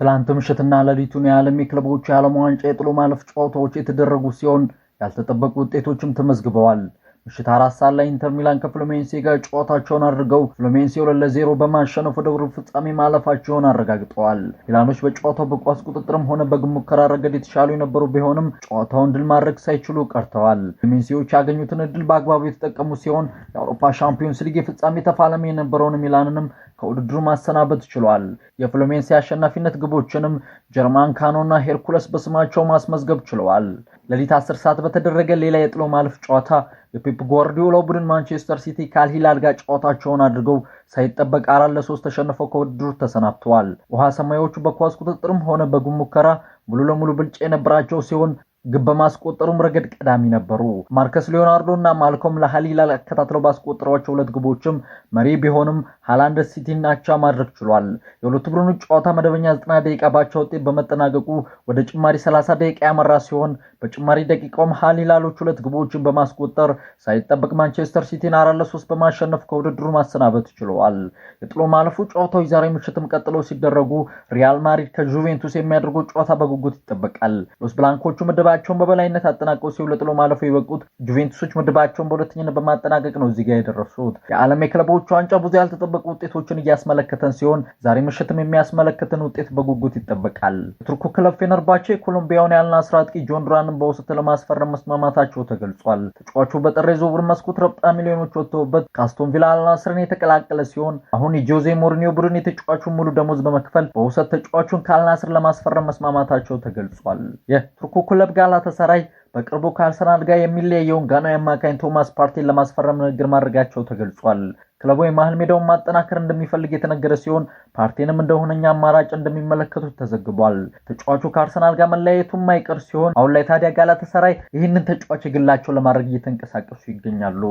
ትላንት ምሽትና ሌሊቱን የዓለም የክለቦች የዓለም ዋንጫ የጥሎ ማለፍ ጨዋታዎች የተደረጉ ሲሆን ያልተጠበቁ ውጤቶችም ተመዝግበዋል። ምሽት አራት ሰዓት ላይ ኢንተር ሚላን ከፍሎሜንሴ ጋር ጨዋታቸውን አድርገው ፍሎሜንሴ ሁለት ለዜሮ በማሸነፍ ወደ ሩብ ፍጻሜ ማለፋቸውን አረጋግጠዋል። ሚላኖች በጨዋታው በኳስ ቁጥጥርም ሆነ በግብ ሙከራ ረገድ የተሻሉ የነበሩ ቢሆንም ጨዋታውን ድል ማድረግ ሳይችሉ ቀርተዋል። ፍሎሜንሴዎች ያገኙትን እድል በአግባቡ የተጠቀሙ ሲሆን የአውሮፓ ሻምፒዮንስ ሊግ የፍጻሜ ተፋላሚ የነበረውን ሚላንንም ከውድድሩ ማሰናበት ችሏል። የፍሎሜንሲ አሸናፊነት ግቦችንም ጀርማን ካኖና ሄርኩለስ በስማቸው ማስመዝገብ ችለዋል። ሌሊት 10 ሰዓት በተደረገ ሌላ የጥሎ ማለፍ ጨዋታ የፔፕ ጓርዲዮላው ቡድን ማንቸስተር ሲቲ ከአልሂላል ጋር ጨዋታቸውን አድርገው ሳይጠበቅ አራት ለሶስት ተሸንፈው ከውድድሩ ተሰናብተዋል። ውሃ ሰማያዎቹ በኳስ ቁጥጥርም ሆነ በግብ ሙከራ ሙሉ ለሙሉ ብልጫ የነበራቸው ሲሆን ግብ በማስቆጠሩም ረገድ ቀዳሚ ነበሩ። ማርከስ ሊዮናርዶ እና ማልኮም ለሃሊላል አከታትለው ባስቆጠሯቸው ሁለት ግቦችም መሪ ቢሆንም ሃላንድ ሲቲን አቻ ማድረግ ችሏል። የሁለቱ ቡድኖች ጨዋታ መደበኛ 90 ደቂቃ ባቻ ውጤት በመጠናቀቁ ወደ ጭማሪ 30 ደቂቃ ያመራ ሲሆን በጭማሪ ደቂቃውም ሃሊላሎች ሁለት ግቦችን በማስቆጠር ሳይጠበቅ ማንቸስተር ሲቲን አራት ለሶስት በማሸነፍ ከውድድሩ ማሰናበት ችለዋል። የጥሎ ማለፉ ጨዋታዎች ዛሬ ምሽትም ቀጥለው ሲደረጉ ሪያል ማድሪድ ከጁቬንቱስ የሚያደርገው ጨዋታ በጉጉት ይጠበቃል። ሎስ ብላንኮቹ ምድባ ምድባቸውን በበላይነት አጠናቀው ሲውል ጥሎ ማለፉ የበቁት ጁቬንቱሶች ምድባቸውን በሁለተኝነት በማጠናቀቅ ነው እዚህ ጋር የደረሱት። የዓለም የክለቦች ዋንጫ ብዙ ያልተጠበቁ ውጤቶችን እያስመለከተን ሲሆን ዛሬ ምሽትም የሚያስመለከትን ውጤት በጉጉት ይጠበቃል። የቱርኩ ክለብ ፌነርባቼ የኮሎምቢያውን ያልና ናስር አጥቂ ጆን ዱራንን በውሰት ለማስፈረም መስማማታቸው ተገልጿል። ተጫዋቹ በጥር የዝውውር መስኮት ረብጣ ሚሊዮኖች ወጥተውበት ከአስቶን ቪላ አል የተቀላቀለ ሲሆን አሁን የጆዜ ሞሪኒዮ ቡድን የተጫዋቹን ሙሉ ደሞዝ በመክፈል በውሰት ተጫዋቹን ከአልናስር ለማስፈረም መስማማታቸው ተገልጿል። የቱርኩ ክለብ ጋር ጋላተሰራይ በቅርቡ ከአርሰናል ጋር የሚለየውን ጋናዊ አማካኝ ቶማስ ፓርቲን ለማስፈረም ንግግር ማድረጋቸው ተገልጿል። ክለቡ የመሀል ሜዳውን ማጠናከር እንደሚፈልግ የተነገረ ሲሆን ፓርቲንም እንደ ሁነኛ አማራጭ እንደሚመለከቱት ተዘግቧል። ተጫዋቹ ከአርሰናል ጋር መለያየቱ የማይቀር ሲሆን አሁን ላይ ታዲያ ጋላተሰራይ ይህንን ተጫዋች ግላቸው ለማድረግ እየተንቀሳቀሱ ይገኛሉ።